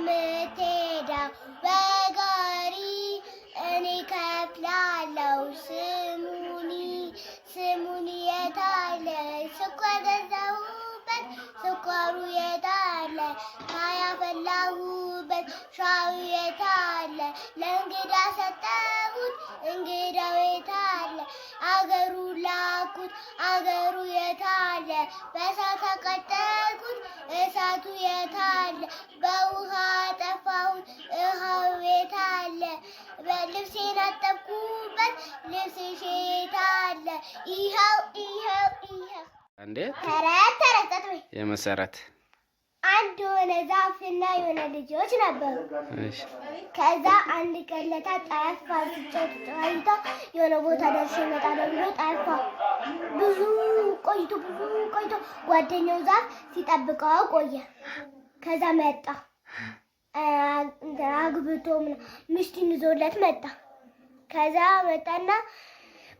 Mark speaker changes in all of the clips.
Speaker 1: የምትሄደው በጋሪ እኔ ከፍላለው። ስሙኒ ስሙኒ የታለ ስኳር ገዛሁበት፣ ስኳሩ የታለ ሻይ አፈላሁበት፣ ሻዩ የታለ ለእንግዳ ሰጠሁት፣ እንግዳው የታለ አገሩ ላኩት፣ አገሩ የታለ በሳታ የታለ? በውሃ ጠፋው ውሃው የታለ? ልብሴን አጠብኩበት ልብስሽ የታለ? ይኸው ይኸው ይኸው። እንዴ ተረት ተረት
Speaker 2: የመሰረት አንድ የሆነ ዛፍ እና የሆነ ልጆች ነበሩ። ከዛ አንድ ቀን ለታ ጣያፋ ስጫጭ የሆነ ቦታ ደርሼ እመጣለሁ ብሎ ጣያፋ ብዙ ቆይቶ ብዙ ቆይቶ ጓደኛው ዛፍ ሲጠብቀው ቆየ። ከዛ መጣ አግብቶ ምሽቱን ይዞለት መጣ። ከዛ መጣና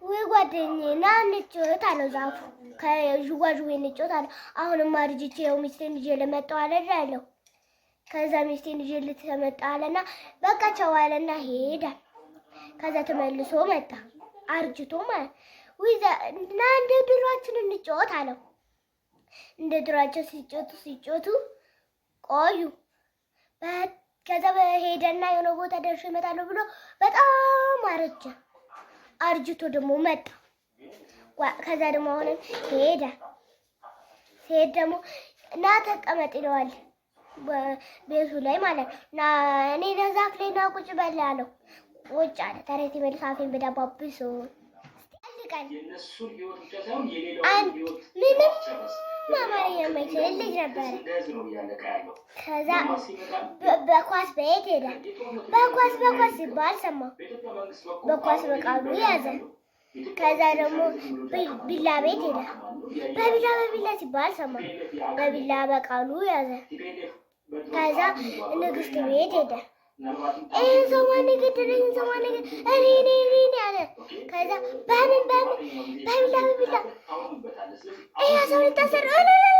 Speaker 2: ወይ ጓደኛዬ ና እንጫወት አለው ዛፉ። ከዥዋዥዌ እንጫወት አለው። አሁንማ አርጅቼ ያው ሚስቴን ይዤ ልመጣው አለ አለው። ከዛ ሚስቴን ይዤ ልትመጣ አለና በቃ ቻው አለና ሄዳል። ከዛ ተመልሶ መጣ አርጅቶ ማለት ና እንደ ድሯችን እንጫወት አለው። እንደ ድሯቸው ሲጮቱ ሲጮቱ ቆዩ። ከዛ ሄደና የሆነ ቦታ ደርሶ ይመጣለሁ ብሎ በጣም አረጀ። አርጅቶ ደግሞ መጣ። ከዛ ደግሞ አሁንም ሄደ። ሲሄድ ደግሞ እና ተቀመጥ ይለዋል ቤቱ ላይ ማለት ነው። እኔ ዛፍ ላይ ና ቁጭ በል አለው። ቁጭ አለ። ተረት ይመልስ አፌን በዳባብሶ ይጠብቃል። አንድ ምንም አማርኛ የማይችል ልጅ ነበረ። ከዛ በኳስ በየት ሄደ። በኳስ በኳስ ሲባል ሰማ። በኳስ በቃሉ ያዘ። ከዛ ደግሞ ቢላ ቤት ሄደ። በቢላ በቢላ ሲባል ሰማ። በቢላ በቃሉ ያዘ። ከዛ ንግስት ቤት ሄደ። ይህን ሰው ማን ይህን ሰው ማን እኔ እኔ እኔ Kayda ben ben ben ben ben. Ey Hasan Taser öl öl öl.